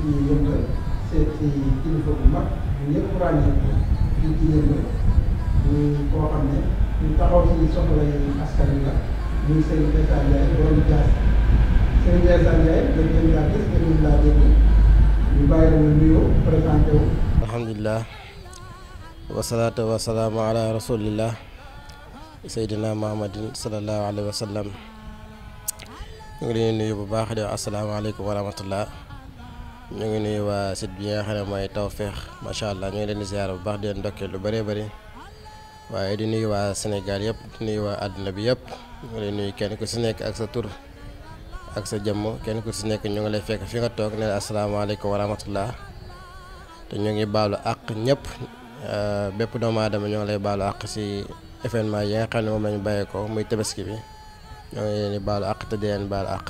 fii ci yëngal seet ci kilifa mag ñëpp ràññee ko fii ci yëngal ñu koo xam ne taxaw ci soxla yi askan wi la muy Serigne Bessa Ndiaye loolu jaas Serigne Bessa Ndiaye dañ leen laa gis dañ leen laa dégg ñu bàyyi la nuyoo wasalaatu wasalaamu ala rasulillah Seydina Muhammadin sallallahu alayhi wa sallam ñu ngi leen nuyu bu baax di asalaamaaleykum wa rahmatullah ñu ngi nuyu waa site bi nga xam ne mooy Tawfekh macha allah ñu ngi leen di ziar bu baax di leen ndokkee lu bëree bëri waaye di nuyu waa Sénégal yëpp di nuyu waa àdduna bi yëpp ñu ngi lay kenn ku si nekk ak sa tur ak sa jëmm kenn ku si nekk ñu ngi lay fekk fi nga toog ne asalaamaaleykum wa rahmatullah te ñu ngi baalu àq ñëpp euh, bépp doomu aadama ñu ngi lay baalu àq si événement yi nga xam ne moom la ñu bàyyeekoo muy tabaski bi ñoo ngi leen di baalu àq te leen baalu àq.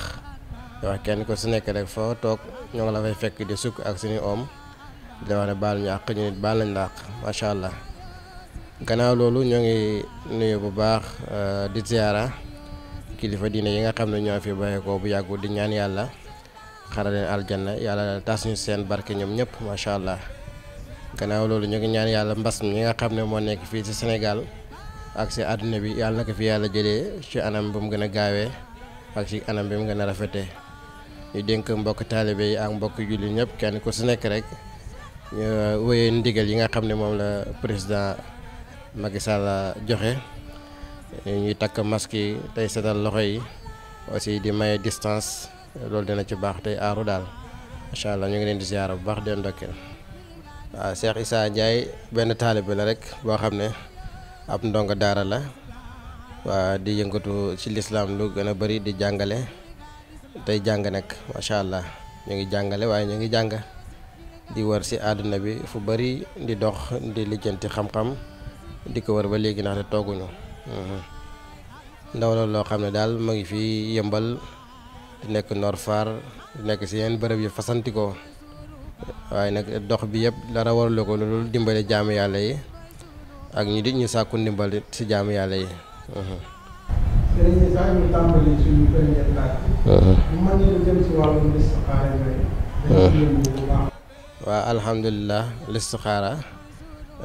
wax kenn ku si nekk rek foo toog ñoo ngi la fay fekk di sukk ak suñu om di la wax ne baal ñu àq ñu nit baal nañ la àq macha allah gannaaw loolu ñoo ngi nuyu bu baax euh, di ziara kilifa diine yi nga xam ne ñoo fi bàyyeekoo bu yàggu di ñaan yàlla xara leen aljana yàlla tas ñu seen barke ñoom ñëpp macha allah gannaaw loolu ñu ngi ñaan yàlla mbas mi nga xam ne moo nekk fii ci senegal ak si àdduna bi yàlla na ko fi yàlla jëlee ci anam bu mu gën a gaawee ak ci anam bi mu gën a rafetee. ñu dénk mbokk taalibe yi ak mbokk julli ñëpp kenn ku si nekk rek ñu uh, wéyee ndigal yi nga xam ne moom la président Macky Sall joxe ñuy takk masque yi tey setal loxo yi aussi di maye distance loolu dina ci baax tey aaru daal macha allah ñu ngi leen di ziyaara bu baax den ndokkeel waaw Cheikh Issa Ndiaye benn taalibe la rek boo xam ne ab ndongo daara la waa di yëngatu ci lislaam lu gën a bari di jàngale tey jàng nag macha allah ñu ngi jàngale waaye ñu ngi jàng di wër si àddina bi fu bari di dox di lijjanti xam-xam di ko wër ba léegi ndaxte tooguñu mhm. ndaw la loo xam ne daal mu ngi fi yëmbal di nekk Nord Foire di nekk ci yenn bërëb yi fasanti waaye nag dox bi yëpp dara warule ko loolu dimbale jaamu yàlla yi ak ñu di ñu sàkku ndimbal ci jaamu yàlla yi. Mhm. waaw alhamdulilah listixaara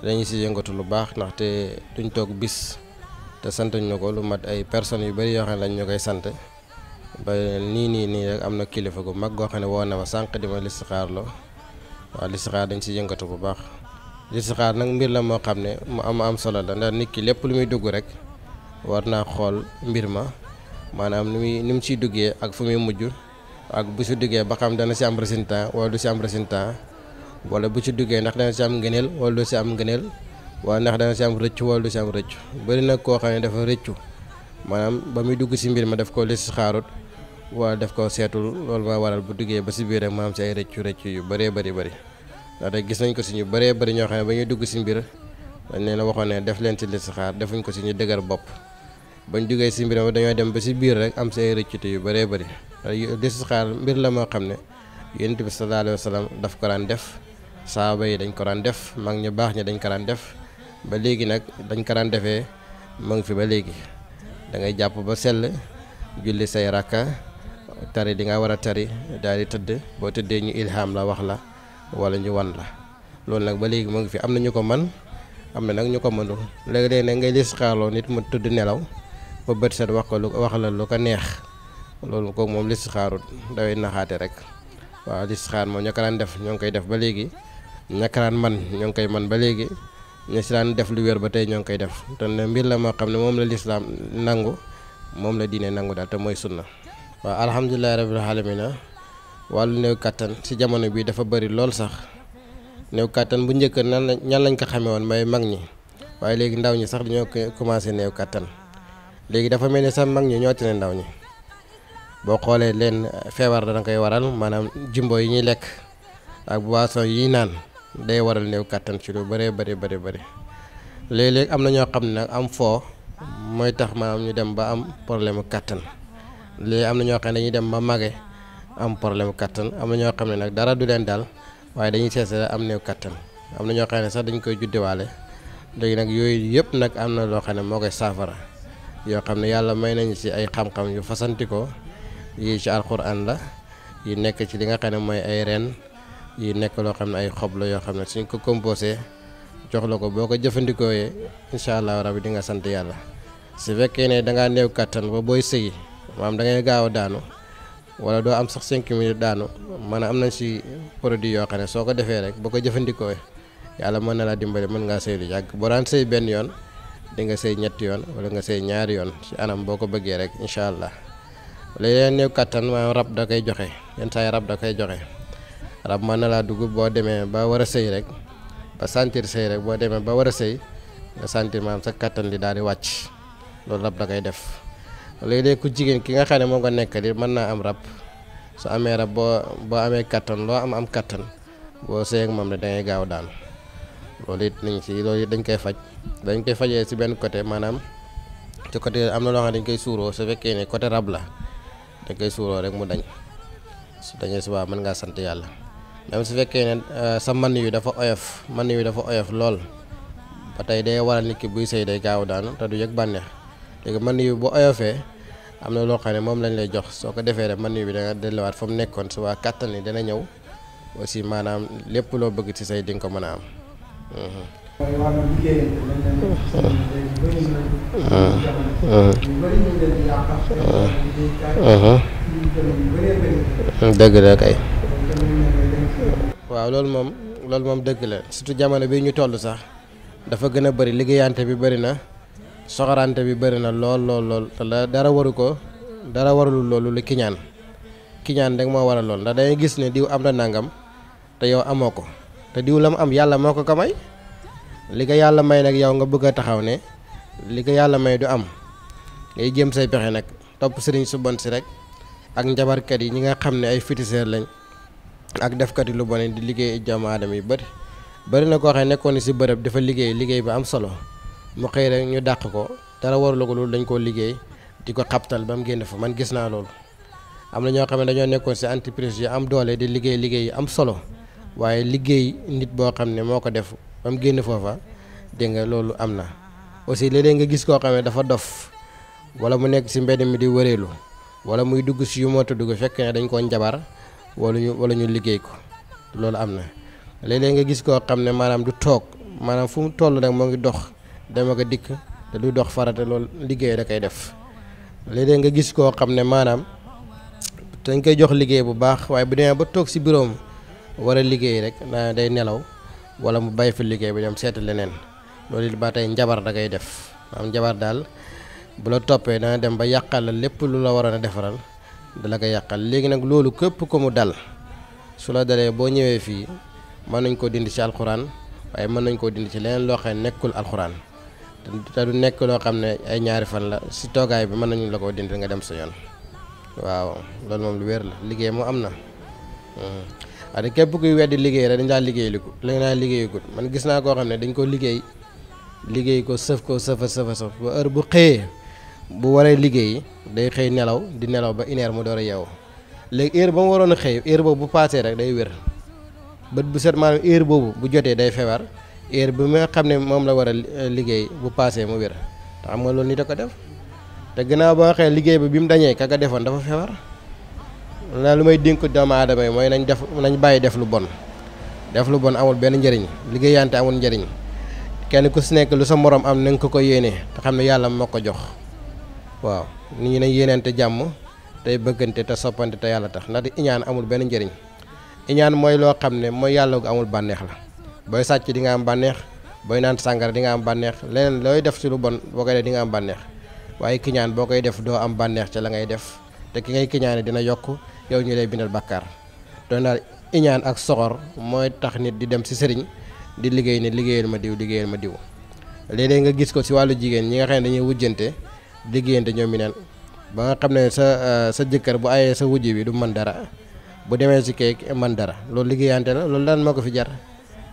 dañu si yëngatu lu baax ndaxte duñ toog bis te sant ñu ko lu mat ay personnes yu bari yoo xam ne lañ ñu koy sant ba nii nii nii rek am na kilifa gu mag goo xam ne woo ma sànq di ma listixaar loo waaw listixaar dañ si yëngatu bu baax listixaar nag mbir la moo xam ne mu am am solo la ndax nit ki lépp lu muy dugg rek war naa xool mbir ma maanaam ni muy ni mu ciy duggee ak fu muy mujj ak bu ci duggee ba xam dana ci am résultat wala du ci am résultat wala bu ci duggee ndax dana ci am ngeneel wala du ci am ngeneel wala ndax dana ci am rëccu wala du ci am rëccu bëri nag koo xam ne dafa rëccu maanaam ba muy dugg ci mbir ma daf koo lis xaarut wala daf koo seetul loolu ma waral bu duggee ba si biir rek ma am ci ay rëccu rëccu yu bëree bëri bëri ndaxte gis nañ ko si ñu bëree bëri ñoo xam ne ba ñuy dugg ci mbir dañ leen waxoon ne def leen ci listixaar defuñ ko ci ñu dëgër bopp bañ jógee si mbir mi dañoo dem ba si biir rek am si ay rëccute yu bëree bëri listixaar mbir la moo xam ne yonent bi sallallahu alayhi daf ko daan def saaba yi dañ ko daan def mag ñu baax ñu dañ ko daan def ba léegi nag dañ ko daan defee mu ngi fi ba léegi da ngay jàpp ba sell julli say rakka tari li nga war a tari daal di tëdd boo tëddee ñu ilham la wax la wala ñu wan la loolu nag ba léegi mu ngi fi am na ñu ko man am na nag ñu ko mënul léegi léeg nag ngay listixaarloo nit mu tëdd nelaw ba bët set wax ko lu wax la lu ko neex loolu kooku moom listixaarut daway naxaate rek waaw listixaar moom ña ko daan def ñoo ngi koy def ba léegi ña man ñoo ngi koy man ba léegi ña def lu wér ba tey ñoo ngi koy def te mbir la ma xam ne moom la lislaam nangu moom la diine nangu daal te mooy sunna waaw alhamdulilahi rabbil alamina wàllu néew kàttan si jamono bii dafa bëri lool sax néew kàttan bu njëkk nan la ñan lañ ko xamee woon mooy mag ñi waaye léegi ndaw ñi sax dañoo commencé néew kàttan léegi dafa mel ni sax mag ñi ñoo te ne ndaw ñi boo xoolee leen feebar dana koy waral maanaam jimbo yi ñuy lekk ak boisson yi naan day waral néew kàttan ci lu bëree bëri bëri bëri léeg-léeg am na ñoo xam ne nag am foo mooy tax maanaam ñu dem ba am problème kàttan léegi am na ñoo xam ne dañuy dem ba mage am problème kàttan am na ñoo xam ne nag dara du leen daal waaye dañuy seesee am néew kattan am na ñoo xam ne sax dañ koy juddewaale léegi nag yooyu yëpp nag am na loo xam ne moo koy saafara yoo xam ne yàlla may nañu ci ay xam-xam yu fasantikoo yii ci alxuraan la yi nekk ci li nga xam ne mooy ay reen yi nekk loo xam ne ay xob la yoo xam ne suñ ko composé jox la ko boo ko jëfandikoo yee allah rabi di nga sant yàlla su fekkee ne da ngaa néew kattan ba booy sëyi maam da ngay gaaw a daanu wala doo am sax cinq minutes daanu maanaam am nañ ci produit yoo xam ne soo ko defee rek boo ko jëfandikoo yàlla mën na laa dimbali mën ngaa sëy lu yàgg boo daan sëy benn yoon. di nga sëy ñetti yoon wala nga sëy ñaari yoon ci anam boo ko bëggee rek incha allah wala yeneen néew kattan maanaam rab da koy joxe yenn saa yi rab da koy joxe rab man na laa dugub boo demee ba war a sëy rek ba sentir sëy rek boo demee ba war a sëy nga sentir maanaam sa kattan li daal di wàcc loolu rab da koy def léeg-léeg ku jigéen ki nga xam ne moom nga nekk di mën naa am rab su amee rab boo boo amee kattan loo am am kattan boo sëy ak moom ne da gaaw daanu. loolu nañ si loolu dañ koy faj dañ koy fajee si benn côté maanaam ci côté am na loo xam ne dañ koy suuroo su fekkee ne côté rab la dañ koy suuroo rek mu dañ su dañee si waa mën ngaa sant yàlla su fekkee ne euh, sa man yu dafa oyof man yu dafa oyof lool ba tey day waral nit ki buy sëy day gaaw daanu te du yëg bànneex léegi man yu bu oyofee am na loo xam ne moom lañ lay jox soo ko defee rek man yu bi da nga delluwaat fa mu nekkoon su waa kàttan ni dana ñëw aussi maanaam lépp loo bëgg ci say di ko mën a am waaye mmh. wàllu mmh. mmh. dëgg la kay. waaw loolu moom loolu moom dëgg la surtout jamono bi ñu toll sax dafa gën a bari liggéeyante bi bëri na soxorante bi bëri na lool lool lool te dara waru ko dara warul loolu lu kiñaan kiñaan rek moo wara lool ndax dangay gis ne diw am na nangam te yow amoo ko. te diw la mu am yàlla moo ko ko may li ko yàlla may nag yow nga bëgg a taxaw ne li ko yàlla may du am ngay jéem say pexe nag topp sëriñ su bon si rek ak njabarkat yi ñi nga xam ne ay féticheurs lañ ak defkat yi lu bon di liggéey jaamu aadama yu bëri bëri na koo xam nekkoon si bërëb dafa liggéey liggéey ba am solo mu xëy rek ñu dàq ko dara warula ko loolu dañ koo liggéey di ko xabtal ba mu génn fa man gis naa loolu am na ñoo xam ne dañoo nekkoon si entreprise yu am doole di liggéey liggéey am solo. waaye liggéey nit boo xam ne moo ko def ba mu génn foofa dégg nga loolu am na aussi léeg nga gis koo xam ne dafa dof wala mu nekk si mbedd mi di wëreelu wala muy dugg si yu moota dugg fekk ne dañ koo njabar wala ñu wala ñu liggéey ko loolu am na léeg nga gis koo xam ne maanaam du toog maanaam fu mu toll rek moo ngi dox dama ko dikk te du dox farata loolu liggéey da koy def léeg nga gis koo xam ne maanaam dañ koy jox liggéey bu baax waaye bu demee ba toog si bureau war a liggéey rek naa day nelaw wala mu bàyyi fi liggéey bi dem seeti leneen loolu it ba tey njabar da ngay def njabar daal bu la toppee dana dem ba yàqal lépp lu la waroon a defaral dala ko yàqal léegi nag loolu képp ko mu dal su la dalee boo ñëwee fii mën nañ koo dindi ci alxuraan waaye mën nañ koo dindi ci leneen loo nekkul alxuraan te nekk loo xam ne ay ñaari fan la si toogaay bi mën nañu la koo dindi nga dem sa waaw loolu lu wér la liggéey moo am na. waaye mm-hmm. képp kuy weddi liggéey rek dañ laa liggéeyaliku naa laa liggéeyugut man gis naa koo xam ne dañ ko liggéey liggéey ko sëf ko sëfa sëfa sëf ba heure bu xëyee bu waree liggéey day xëy nelaw di nelaw ba une mu door a yeewu léegi heure ba mu waroon a xëy heure boobu bu paasee rek day wér bët bu set maanaam heure boobu bu jotee day feebar heure bi nga xam ne moom la war a liggéey bu paasee mu wér te xam nga loolu nit a ko def te gannaaw ba nga xëy liggéey bi bi mu dañee kaka defoon dafa feebar. naa lu may dénk doomu aadama yi mooy nañ def nañ bàyyi def lu bon def lu bon amul benn njëriñ liggéeyante amul njariñ kenn ku si nekk lu sa morom am na nga ko ko yéene te xam ne yàlla moo ko jox waaw nit ñi nañ yéeneente jàmm tey bëggante te soppante te yàlla tax ndax di iñaan amul benn njëriñ iñaan mooy loo xam ne mooy yàlla gu amul bànneex la booy sàcc di nga am bànneex booy naan sàngara di nga am bànneex leneen looy def ci lu bon boo koy def di nga am bànneex waaye kiñaan boo koy def doo am bànneex ca la ngay def te ki ngay kiñaane dina yokk yow ñu lay bindal bàkkaar doon daal iñaan ak soxor mooy tax nit di dem si sëriñ di liggéey ne liggéeyal ma diw liggéeyal ma diw léeg-léeg nga gis ko si wàllu jigéen ñi nga xam ne dañuy wujjante liggéeyante ñoom neen ba nga xam ne sa euh, sa jëkkër bu ayee sa wujj bi du mën dara bu demee si keek mën dara loolu liggéeyante la loolu lan moo ko fi jar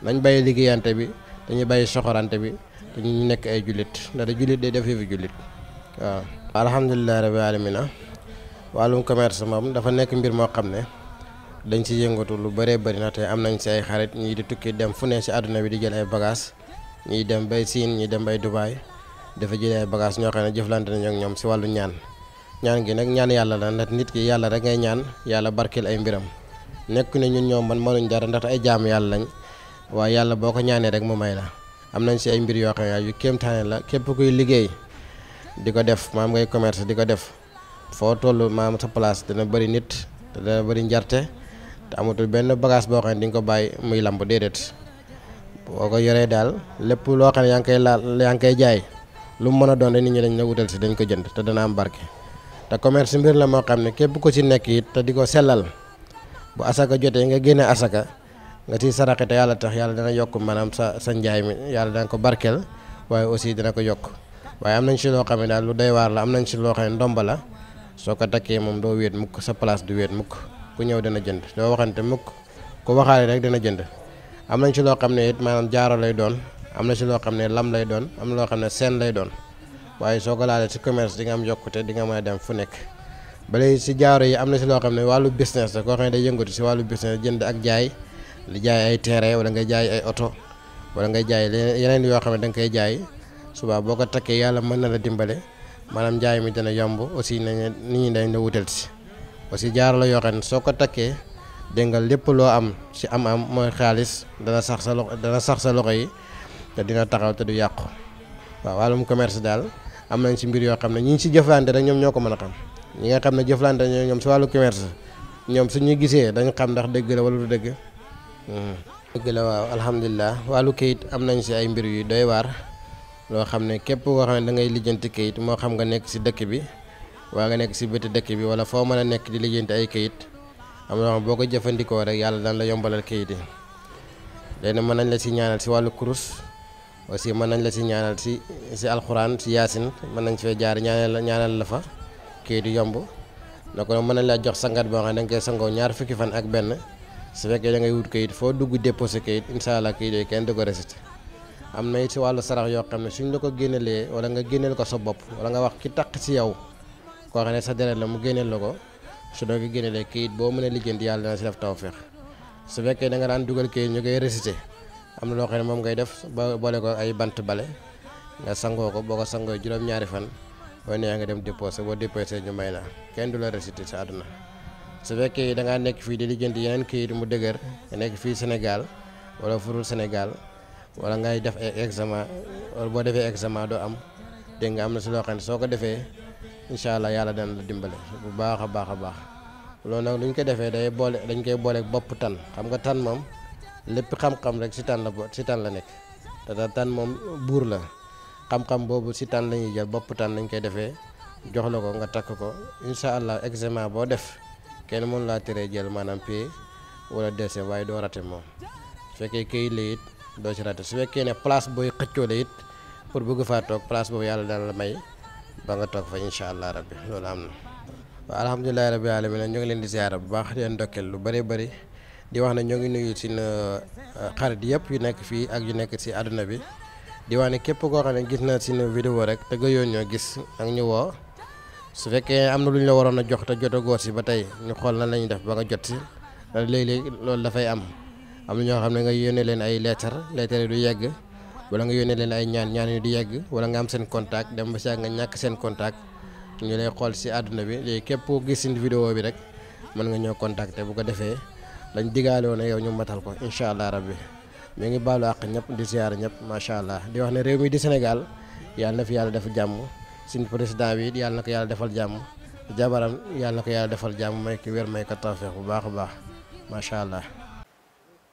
nañ bàyyi liggéeyante bi dañuy bàyyi soxorante bi dañuy nekk ay jullit ndax da jullit day def yëfi jullit waaw alhamdulilah rabbil alamin wàllum commerce moom dafa nekk mbir moo xam ne dañ ci yëngatu lu bëree bari na te am nañ si ay xarit ñii di tukki dem fu ne si àdduna bi di jël ay bagages ñii dem bay Siin ñii dem bay Dubaay dafa jël ay bagages ñoo xam ne jëflante nañu ak ñoom si wàllu ñaan ñaan gi nag ñaan yàlla la ndax nit ki yàlla rek ngay ñaan yàlla barkeel ay mbiram nekk ne ñun ñoom man mënuñ dara ndax ay jaam yàlla lañ waaye yàlla boo ko ñaanee rek mu may la am nañ si ay mbir yoo xam ne yu kéemtaane la képp kuy liggéey di ko def maam ngay commerce di ko def foo toll maam sa place dana bëri nit te dana bëri njarte te amatul benn bagage boo xam ne di nga ko bàyyi muy lamb déedéet boo ko yoree daal lépp loo xam ne yaa ngi koy laal yaa ngi koy jaay lu mu mën a doon nit ñi dañ la wutal si dañ ko jënd te dana am barke. te commerce mbir la moo xam ne képp ko ci nekk it te di ko sellal bu asaka jotee nga génne asaka nga ciy saraxe te yàlla tax yàlla dana yokk maanaam sa sa njaay mi yàlla dana ko barkeel waaye aussi dana ko yokk waaye am nañ si loo xam ne lu doy la am nañ si loo ndomba la. soo ko takkee moom doo wéet mukk sa place du wéet mukk ku ñëw dana jënd doo waxante mukk ku waxaale rek dana jënd am nañ si loo xam ne it maanaam jaaro lay doon am na si loo xam ne lam lay doon am na loo xam ne seen lay doon waaye soo ko laalee si commerce di nga am yokkute di nga mën a dem fu nekk bale si jaaro yi am na si loo xam ne wàllu business la koo xam ne day yëngatu si wàllu business jënd ak jaay li jaay ay terrain wala nga jaay ay oto wala nga jaay yeneen yoo xam ne da koy jaay suba boo ko takkee yàlla mën na la dimbale maanaam njaay mi dana yomb aussi nañu nit ñi dañ la wutal si aussi jaaro la yoo xam ne soo ko takkee dégg nga lépp loo am si am-am mooy xaalis dana sax sa loxo dana sax sa loxo yi te dina taxaw te du yàqu waaw wàllum commerce daal am nañu si mbir yoo xam ne ñi ngi si jëflante rek ñoom ñoo ko mën a xam ñi nga xam ne jëflante ñoom si wàllu commerce ñoom suñu gisee dañ xam ndax dëgg la wala du dëgg. Hmm. dëgg la waaw alhamdulilah wàllu kayit am nañ si ay mbir yu doy waar. loo xam ne képp koo xam ne da ngay lijjanti kayit moo xam nga nekk si dëkk bi waa nga nekk si bëti dëkk bi wala foo mën a nekk di lijjanti ay kayit am loo xam boo ko jëfandikoo rek yàlla daan la yombalal kayit yi léegi mën nañ la si ñaanal si wàllu kurus aussi mën nañ la si ñaanal si si alxuraan si yaasin mën nañ fee jaar ñaanal ñaanal la fa kayit yu yomb donc mën nañ laa jox sangat boo xam ne da sangoo ñaar fukki fan ak benn su fekkee da wut kayit foo dugg déposé kayit incha allah kayit kenn du ko resité am na it si wàllu sarax yoo xam ne suñ la ko génnelee wala nga génneel ko sa bopp wala nga wax ki taq si yow koo xam ne sa deret la mu génneel la ko su doo ko génnelee kayit boo mën a lijjanti yàlla dana si def tawféex su fekkee da nga daan dugal kayit ñu koy résité am na loo xam ne moom ngay def ba boole ko ay bant bale nga sangoo ko boo ko sangoo juróom-ñaari fan boo neex ngi dem déposé boo déposé ñu may la kenn du la récité sa àdduna su fekkee da ngaa nekk fii di lijjanti yeneen kayit mu dëgër nekk fii Sénégal wala furul Sénégal wala ngay def ay examen wala boo defee examen doo am dégg nga am na si loo xam ne soo ko defee incha allah yàlla dana la dimbale bu baax a baax a baax loolu nag luñ ko defee day boole dañ koy booleek bopp tan xam nga tan moom lépp xam-xam rek si tan la si tan la nekk te tan moom buur la xam boobu si tan la ñuy jël bopp tan lañ koy defee jox la ko nga takk ko incha allah examen boo def kenn mënu laa teree jël maanaam pay wala dese waaye doo rate moom fekkee këyit la doo ci raté su fekkee ne place booy xëccoo la it pour bëgg faa toog place boobu yàlla dana la may ba nga toog fa incha allah rabbi loolu am na waaw alhamdulilahi rabbi alamin ñu ngi leen di ziara bu baax di leen ndokkeel lu bëri bëri di wax ne ñoo ngi nuyu si euh, xarit yëpp yu nekk fii ak yu nekk si àdduna bi di wax ne képp koo xam ne gis na si ne vidéo rek te gëjoon ñoo gis ak ñu woo su fekkee am na lu ñu la waroon a jox te jotagoo si ba tey ñu xool na la def ba jot si léeg loolu dafay am am na ñoo xam ne nga yónnee leen ay leetar leetar yi du yegg wala nga yónnee leen ay ñaan ñaan yi du yegg wala nga am seen contact dem ba si nga ñàkk seen contact ñu lay xool si àdduna bi képp koo gis seen vidéo bi rek mën nga ñoo contacter bu ko defee dañ digaale woon yow ñu matal ko incha allah bi mu ngi baalu àq ñëpp di ziar ñëpp macha allah di wax ne réew mi di Sénégal yàlla na fi yàlla def jàmm suñu président bi yàlla na ko yàlla defal jàmm jabaram yàlla ko yàlla defal jàmm may ko wér may ko bu baax a baax macha allah.